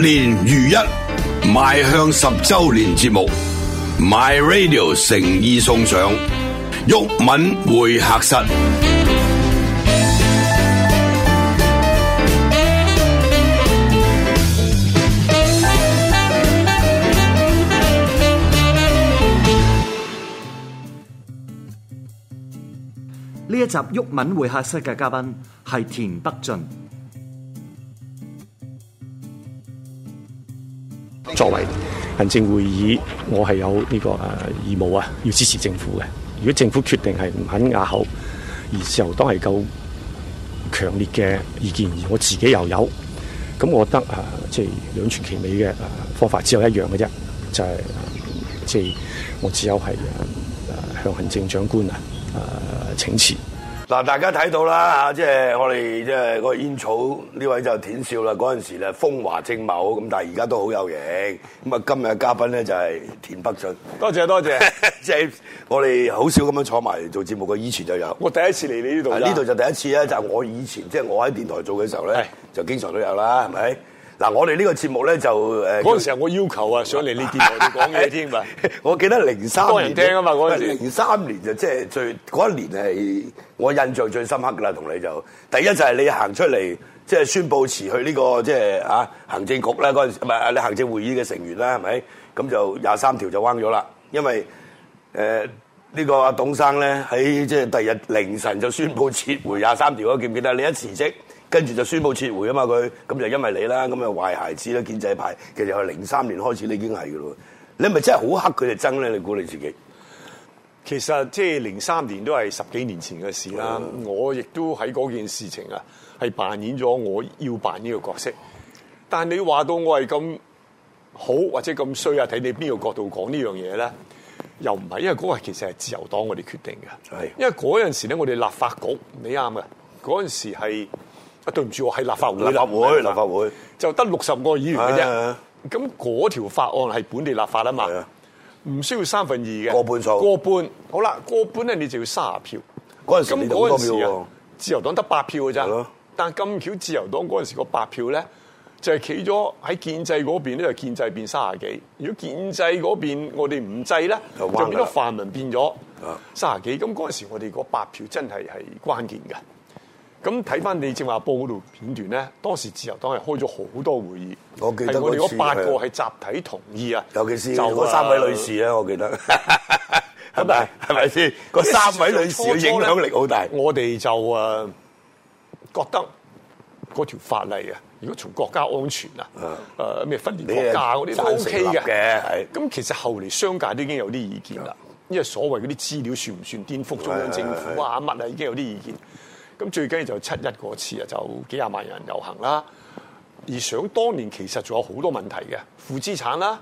年如一，邁向十周年節目，My Radio 誠意送上毓民會客室。呢集毓民會客室嘅嘉賓係田北俊。作為行政會議，我係有呢、這個誒、呃、義務啊，要支持政府嘅。如果政府決定係唔肯壓口，而時候當係夠強烈嘅意見，而我自己又有，咁我覺得啊，即係兩全其美嘅誒、呃、方法只有一樣嘅啫，就係即係我只有係誒、呃、向行政長官啊、呃、請辭。嗱，大家睇到啦嚇，即係我哋即係個煙草呢位就係田少啦，嗰陣時咧風華正茂，咁但係而家都好有型。咁啊，今日嘅嘉賓咧就係田北俊。多謝多謝，謝 我哋好少咁樣坐埋嚟做節目，個以前就有。我第一次嚟你呢度。呢度就第一次啊！就係、我以前即係、就係、我喺電台做嘅時候咧，就經常都有啦，係咪？嗱，我哋呢個節目咧就誒，嗰陣時候我要求啊，上嚟呢邊講嘢添嘛。 我記得零三年，多人聽啊嘛嗰陣、那個、時。零三年就即、是、係最嗰一年係我印象最深刻噶啦，同你就第一就係你行出嚟即係宣布辭去呢、這個即係啊行政局咧嗰陣時，唔係啊你行政會議嘅成員啦，係咪？咁就廿三條就彎咗啦，因為誒。呃這個、呢個阿董生咧喺即係第二日凌晨就宣布撤回廿三條，記唔記得？你一辭職，跟住就宣布撤回啊嘛，佢咁就因為你啦，咁就壞孩子啦，建制派其實由零三年開始已經係噶咯，你咪真係好黑佢哋憎咧？你估你自己？其實即係零三年都係十幾年前嘅事啦、嗯，我亦都喺嗰件事情啊，係扮演咗我要扮呢個角色。但係你話到我係咁好或者咁衰啊？睇你邊個角度講呢樣嘢咧？又唔係，因為嗰個其實係自由黨我哋決定嘅。係，因為嗰陣時咧，我哋立法局，你啱嘅，嗰陣時係啊，對唔住我係立法會。立法會，立法會就得六十個議員嘅啫。咁嗰條法案係本地立法啊嘛，唔需要三分二嘅，過半數，過半。好啦，過半咧你就要卅票。嗰陣時你得卅票啊，自由黨得八票嘅啫。但係咁巧，自由黨嗰陣時個八票咧。就係企咗喺建制嗰邊呢就建制變三十幾。如果建制嗰邊我哋唔制咧，就變咗泛民變咗三十幾。咁嗰陣時，我哋嗰八票真係係關鍵嘅。咁睇翻你正話報導片段咧，當時自由黨係開咗好多會議，我記得嗰八個係集體同意啊。尤其是嗰三位女士咧，我記得係咪係咪先？嗰 不是 三位女士影響力好大。我哋就誒覺得嗰條法例啊。如果從國家安全啊，誒咩、呃、分裂國家嗰啲都 OK 嘅，咁其實後嚟商界都已經有啲意見啦，因為所謂嗰啲資料算唔算顛覆中央政府啊乜啊，已經有啲意見，咁最緊要就七一嗰次啊，就幾廿萬人遊行啦，而想當年其實仲有好多問題嘅，負資產啦。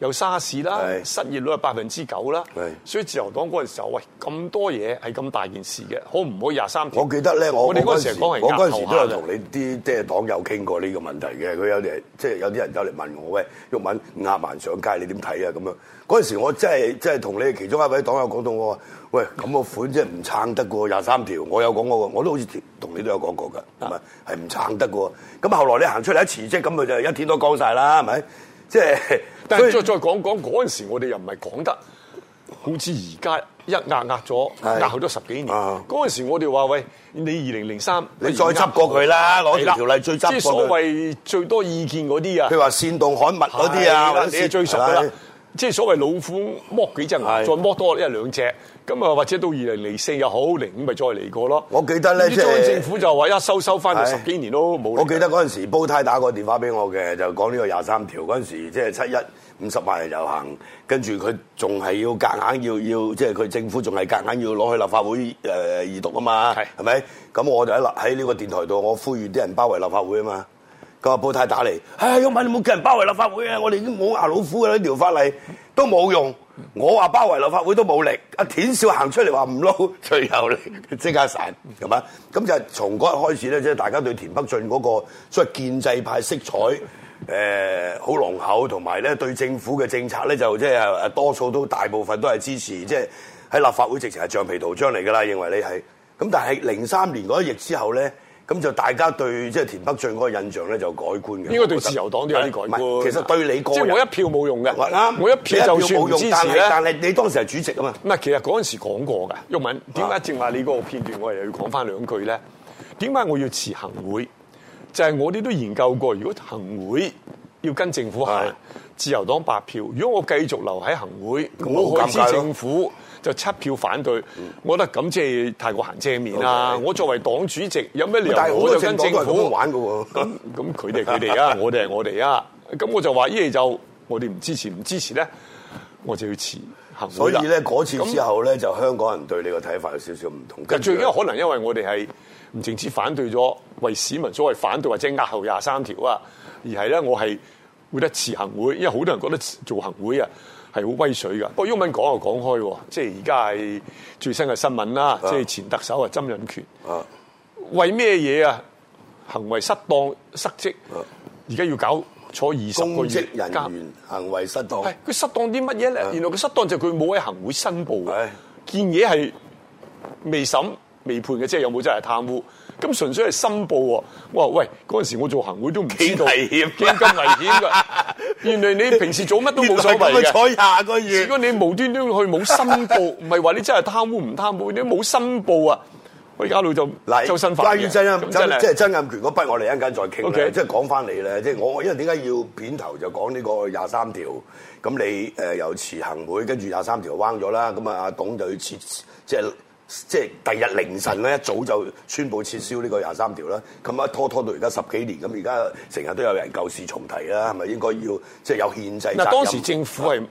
有沙士啦，失業率係百分之九啦，所以自由黨嗰陣時候，喂咁多嘢係咁大件事嘅，好唔可以廿三條？我記得咧，我我嗰時，我嗰陣都有同你啲即係黨友傾過呢個問題嘅。佢有啲即係有啲人走嚟問我，喂，毓民壓慢上街，你點睇啊？咁樣嗰陣時，我真係真係同你其中一位黨友講到我，我喂，咁個款即係唔撐得過廿三條，我有講過，我都好似同你都有講過㗎，係係唔撐得噶。咁後來你行出嚟一辭職，咁佢就一天都光晒啦，係咪？即、就、係、是，但係再再講講嗰陣時，我哋又唔係講得，好似而家一壓壓咗，壓咗十幾年。嗰陣時我哋話喂，你二零零三，你再過執過佢啦，攞條例再執過佢。即所謂最多意見嗰啲啊，譬如話煽動刊物嗰啲啊，或者你係最熟啦。即係所謂老虎剝幾隻牙，再剝多一兩隻，咁啊或者到二零零四又好，零五咪再嚟過咯。我記得咧，即係政府就話一收一收翻就十幾年都冇。我記得嗰陣時，煲、嗯、呔打個電話俾我嘅，就講呢個廿三條嗰陣時，即係七一五十萬人遊行，跟住佢仲係要夾硬要要，即係佢政府仲係夾硬要攞去立法會誒二、呃、讀啊嘛，係咪？咁我就喺立喺呢個電台度，我呼籲啲人包圍立法會啊嘛。個話布太打嚟，唉、哎，有冇人冇叫人包圍立法會啊？我哋已經冇牙老虎，呢條法例都冇用。我話包圍立法會都冇力，阿田少行出嚟話唔撈，最後嚟即刻散，係咪啊？咁就係從嗰日開始咧，即係大家對田北俊嗰，那個所謂建制派色彩誒、好、呃、濃厚，同埋咧對政府嘅政策咧就即、是、係多數都大部分都係支持，即係喺立法會直情係橡皮圖章嚟㗎啦，認為你係。咁但係零三年嗰一役之後咧。咁就大家對即係田北俊嗰個印象咧就改觀嘅。呢個對自由黨都有啲改觀。其實對你個人即係、就是、我一票冇用嘅、啊。我一票就算冇支持用，但係你當時係主席啊嘛。其實嗰陣時講過㗎。毓民。點解正話你嗰個片段，我又要講翻兩句咧？點解我要辭行會？就係、是、我哋都研究過，如果行會。要跟政府行自由黨八票，如果我繼續留喺行會，我好知政府就七票反對，嗯、我覺得咁即係太過行遮面啦。嗯、我作為黨主席有咩理由？但我，我就跟政府政玩嘅喎。咁咁佢哋佢哋啊，我哋係我哋啊。咁我就話依嚟就我哋唔支持，唔支持咧，我就要辭行會。所以咧嗰次之後咧，就香港人對你嘅睇法有少少唔同。跟最緊要可能因為我哋係唔淨止反對咗，為市民所謂反對或者壓後廿三條啊。而係咧，我係會得辭行會，因為好多人覺得做行會啊係好威水㗎。不過英文講就講開，即係而家係最新嘅新聞啦、啊，即係前特首啊，曾蔭權，為咩嘢啊？行為失當失職，而、啊、家要搞坐二十個月公職人員行為失當，係佢失當啲乜嘢咧？原來佢失當就係佢冇喺行會申報，件嘢係未審未判嘅，即係有冇真係貪污？咁純粹係申報啊。我喂嗰陣時我做行會都唔知道危險，咁危險噶！ 原來你平時做乜都冇所謂嘅。如果你無端端去冇申報，唔係話你真係貪污唔貪污，你冇申報啊，我而家老就嗱新法，翻，就是。真即係，就是，曾蔭權嗰筆我，我哋一陣間再傾即係講翻你咧，即係我，因為點解要片頭就講呢個廿三條？咁你誒，呃呃、由辭行會跟住廿三條彎咗啦，咁啊阿董就去辭即係。即係第日凌晨咧一早就宣佈撤銷呢個廿三條啦，咁啊拖拖到而家十幾年，咁而家成日都有人舊事重提啦，係咪應該要即係、就是、有憲制？嗱，當時政府係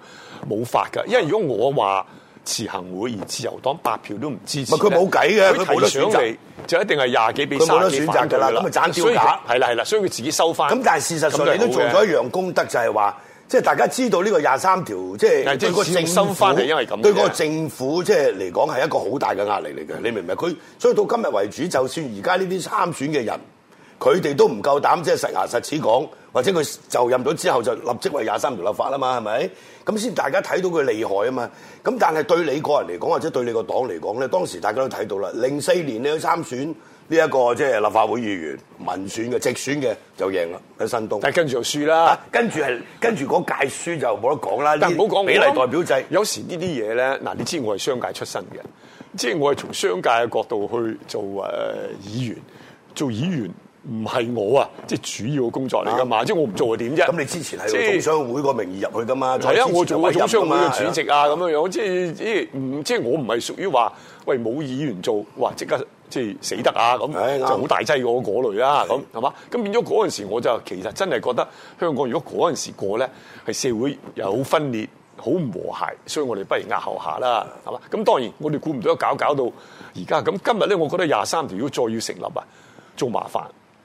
冇法噶，因為如果我話辭行會而自由黨八票都唔支持，佢冇計嘅，佢冇得選擇就一定係廿幾票，冇得選擇噶啦，咁咪斬招牌，係啦係啦，所以佢自己收翻。咁但係事實上你都做咗一樣功德，就係、是、話。即係大家知道呢個廿三條，即係對個政府，對個政府即係嚟講係一個好大嘅壓力嚟嘅，你明唔明？佢所以到今日為止，就算而家呢啲參選嘅人，佢哋都唔夠膽即係實牙實齒講，或者佢就任咗之後就立即為廿三條立法啦嘛，係咪？咁先大家睇到佢厲害啊嘛。咁但係對你個人嚟講，或者對你個黨嚟講咧，當時大家都睇到啦，零四年你去參選。呢、這、一個即係立法會議員民選嘅、直選嘅就贏啦喺新東，但係跟住就輸啦。跟住係跟住嗰屆輸就冇得講啦。但唔好講比例代表制，有時呢啲嘢咧，嗱你知我係商界出身嘅，即、就、係、是、我係從商界嘅角度去做誒、呃、議員。做議員唔係我、就是、啊，即係主要嘅工作嚟㗎嘛。即係我唔做係點啫？咁你之前係做、就是、中商會個名義入去㗎嘛？係啊，我做我中商會嘅主席啊，咁樣這樣，這樣即係、嗯、即係唔即係我唔係屬於話喂冇議員做，哇即刻！即係死得啊咁，就好大劑嗰嗰類啦，咁係嘛？咁變咗嗰陣時，我就其實真係覺得香港如果嗰陣時過咧，係社會又好分裂，好唔和諧，所以我哋不如壓後下啦，係嘛？咁當然我哋估唔到搞搞到而家咁，今日咧，我覺得廿三條如果再要成立啊，仲麻煩。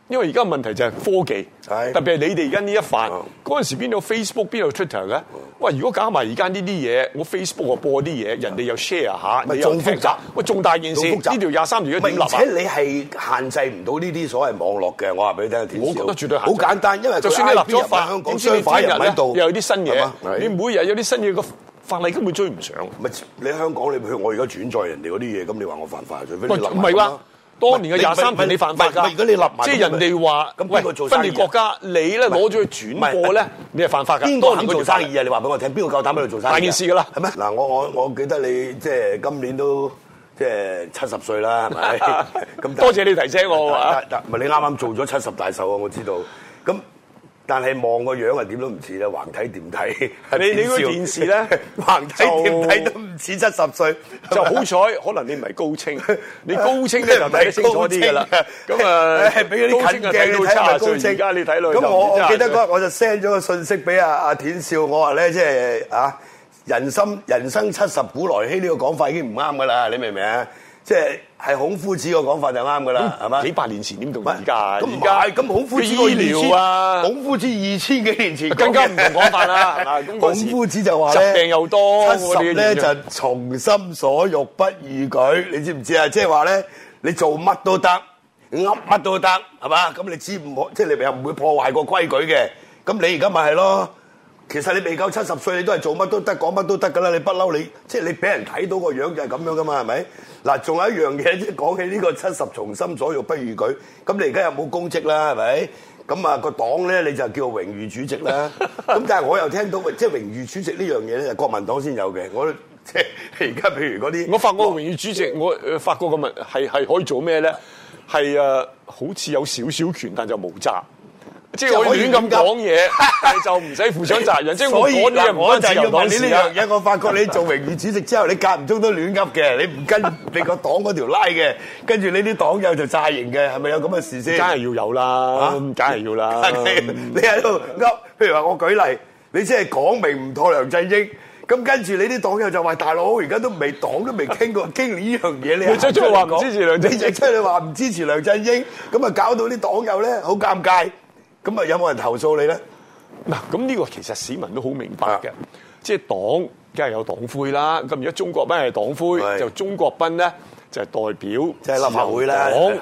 因為而家問題就係科技，是特別係你哋而家呢一範，嗰陣時邊有 Facebook，邊度 Twitter 嘅？喂，如果搞埋而家呢啲嘢，我 Facebook 啊播啲嘢，人哋又 share 一下，咪仲複雜？喂，重大件事，呢條廿三條點立啊？而且你係限制唔到呢啲所謂網絡嘅，我話俾你聽。我覺得絕對好簡單，因為就算你立咗法，香港反而人喺度又有啲新嘢，你每日有啲新嘢，個法例根本追唔上。唔係你喺香港，你去我而家轉載人哋嗰啲嘢，咁你話我犯法？除非你唔係啩？當年嘅廿三年，你，係你犯法噶。如果你立埋，即係人哋話，咁邊個做生意？分裂國家，你咧攞咗去轉播咧，你係犯法噶。邊個敢做生意啊？你話俾我聽，邊個夠膽喺度做生意？大件事噶啦，係咪？嗱，我我我記得你即係今年都即係七十歲啦，係咪？咁 多謝你提醒我，唔係你啱啱做咗七十大壽啊，我知道。咁但係望個樣係點都唔似咧，橫睇掂睇？你你嗰電視咧，橫睇掂睇都？似七十歲就好彩，可能你唔係高清， 你高清咧就睇清楚啲㗎喇。咁 啊，俾啲近鏡都差啊！而家你睇落，咁我記得嗰日我就 send 咗個信息俾阿阿田少，我話咧即係啊，人生人生七十古來稀呢個講法已經唔啱㗎喇，你明唔明啊？即係係孔夫子個講法就啱噶啦，係嘛？幾百年前點讀？而家而家咁孔夫子個醫療啊，孔夫子二千幾年前更加唔同講法啦。 孔夫子就話咧，疾病又多，七十咧就從心所欲不逾矩，啊，你知唔知啊？即係話咧，你做乜都得，噏乜都得，係嘛？咁你知唔破？即係你咪又唔會破壞個規矩嘅。咁你而家咪係咯？其實你未夠七十歲，你都係做乜都得，講乜都得噶啦！你不嬲你，即、就、係、是、你俾人睇到個樣子就係咁樣噶嘛，係咪？嗱，仲有一樣嘢，即係講起呢個七十從心所欲不逾矩，咁你而家有冇公職啦？係咪？咁、那、啊、個，個黨咧你就叫榮譽主席啦。咁 但係我又聽到即係榮譽主席呢樣嘢咧，就國民黨先有嘅。我即係而家譬如嗰啲，我發覺榮譽主席，哦、我發覺個問題係係可以做咩咧？係啊，好似有少少權，但就冇扎。即係我亂咁講嘢，就唔使負上責任。 所以我唔、就係、可自以自呢樣嘢。啊、我發覺你做榮譽主席之後，你間唔中都亂噏嘅。你唔跟你個黨嗰條拉嘅，跟住你啲黨友就詐型嘅，係咪有咁嘅事先？梗係要有啦，梗係要啦、嗯。你喺度噏，譬如話我舉例，你先係講明唔妥梁振英，咁跟住你啲黨友就話：大佬而家都未黨都未傾過傾呢樣嘢咧。即係話說你支持梁振英，即係你話唔支持梁振英，咁啊搞到啲黨友咧好尷尬。咁啊，有冇人投訴你呢？嗱，咁呢個其實市民都好明白嘅，即係黨梗係有黨魁啦。咁而家鍾國斌係黨魁，就鍾國斌呢，就係、是、代表黨立法會啦講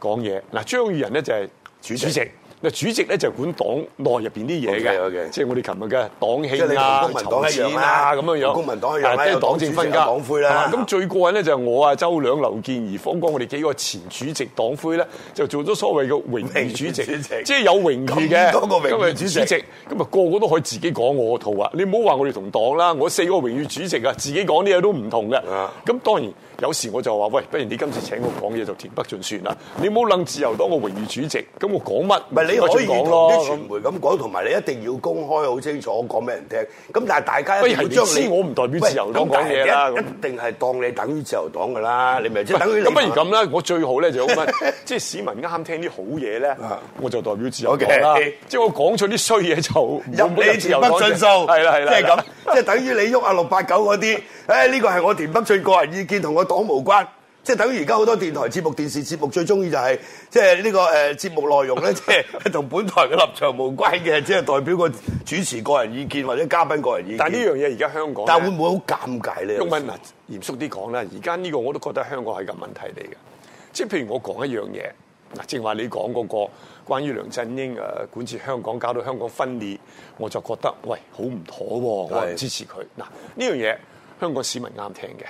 講嘢。嗱，張宇人就係主主席。主席咧就管黨內入面啲嘢嘅，即係我哋琴日嘅黨慶啊，公民黨一樣啦，咁樣樣。但係即係黨政分家，黨魁啦、啊。咁、啊啊、最過癮咧就係、是、我啊周梁、劉健儀、方剛，我哋幾個前主席黨魁咧，就做咗所謂嘅榮譽主席，即係有榮譽嘅。咁多個榮譽主席，咁啊、那個個都可以自己講我套啊！你唔好話我哋同黨啦，我四個榮譽主席啊，自己講啲嘢都唔同嘅。咁、yeah. 當然有時我就話喂，不如你今次請我講嘢就田北俊算啦。 你唔好諗自由黨個榮譽主席，咁我講乜你可以同啲傳媒咁講，同埋你一定要公開好清楚，講俾人聽。咁但係大家一定你，你知道不知，將你我唔代表自由黨講嘢啦。一定係當你等於自由黨噶啦，你咪即等於你。咁不，不如咁啦，我最好咧就咁啦，即 係市民啱聽啲好嘢咧，我就代表自由黨即係、okay. 我講出啲衰嘢就沒有沒有自由黨入你田北俊數，係啦係啦，即係咁，即係等於你喐阿六八九嗰啲。誒 呢、哎呢個係我田北俊個人意見，同我黨無關。即係等於而家好多電台節目、電視節目最中意就係即係呢個誒節目內容咧，即係同本台嘅立場無關嘅，即 係代表個主持個人意見或者嘉賓個人意見。但係呢樣嘢而家香港，但係會唔會好尷尬咧？毓民，嗱，嚴肅啲講啦，而家呢個我都覺得香港係個問題嚟嘅。即係譬如我講一樣嘢嗱，正話你講嗰個關於梁振英誒管治香港搞到香港分裂，我就覺得喂好唔妥喎、嗯，我唔支持佢。嗱呢樣嘢香港市民啱聽嘅。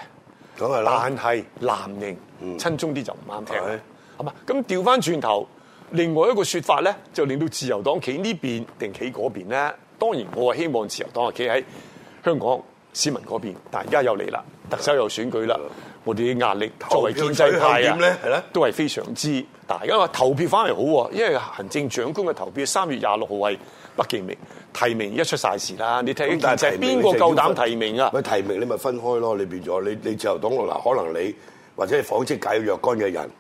咁啊，但係藍營，親中啲就唔啱聽。好嘛，咁調翻轉頭，另外一個說法咧，就令到自由黨企呢邊定企嗰邊咧？當然，我係希望自由黨係企喺香港市民嗰邊。但而家又嚟啦，特首又選舉啦，我哋嘅壓力作為建制派咧，都係非常之大。而家話投票返嚟好喎，因為行政長官嘅投票三月廿六號係。不記名，提名一出晒事啦！你睇，但係邊個夠膽提名啊？咪提，提名你咪分開咯，你變咗你你自由黨嗱，可能你或者防止解若干嘅人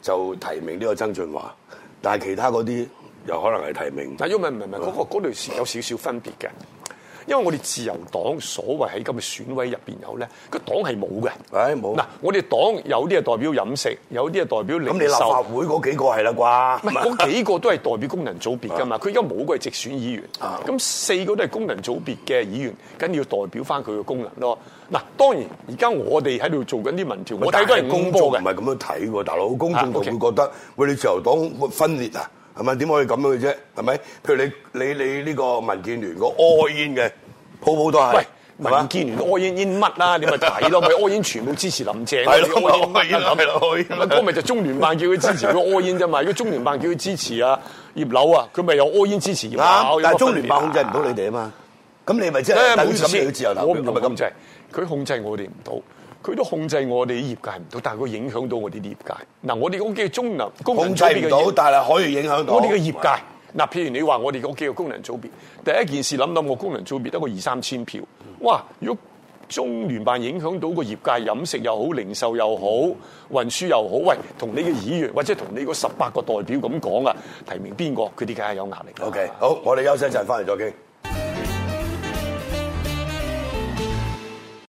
就提名呢個曾俊華，但係其他嗰啲又可能係提名。但因又唔係唔係嗰個嗰段有少少分別嘅。因為我哋自由黨所謂喺今日選委入面有咧，個黨係冇嘅。喂，冇嗱，我哋黨有啲係代表飲食，有啲係代表零售。咁你立法會嗰幾個係啦啩？嗰幾個都係代表功能組別㗎嘛？佢而家冇個係直選議員。咁、啊、四個都係功能組別嘅議員，緊要代表翻佢嘅功能咯。嗱，當然而家我哋喺度做緊啲民調，我睇都係公佈嘅。唔係咁樣睇喎，大佬公眾就會覺得、啊 okay. 喂，你自由黨分裂啊！係咪？點可以咁樣嘅啫？係咪？譬如你你你呢個民建聯個 all in 嘅，鋪鋪都係。喂，民建聯 all in in 乜啦？你咪睇咯，咪 all in 全部支持林鄭。係咯，all in 啦，係咯，all in。嗰個咪就中聯辦叫佢支持佢 all in 啫嘛。如果中聯辦叫佢支持啊 葉劉啊，佢咪有 all in 支持葉劉、啊啊。但係中聯辦控制唔到你哋啊嘛。咁你咪即係，咁你要自由我唔係咁制佢控制我哋唔到。佢都控制我哋嘅業界唔到，但係佢影響到我哋啲業界。嗱，我哋屋企嘅功能組別控制唔到，但係可以影響到我哋嘅業界。嗱，譬如你話我哋屋企嘅功能組別，第一件事諗諗，個功能組別得個二三千票。哇！如果中聯辦影響到個業界，飲食又好，零售又好，運輸又好，喂，同你嘅議員或者同你個十八個代表咁講啊，提名邊個？佢哋梗係有壓力。OK，好，我哋休息一陣，翻嚟再傾。嗯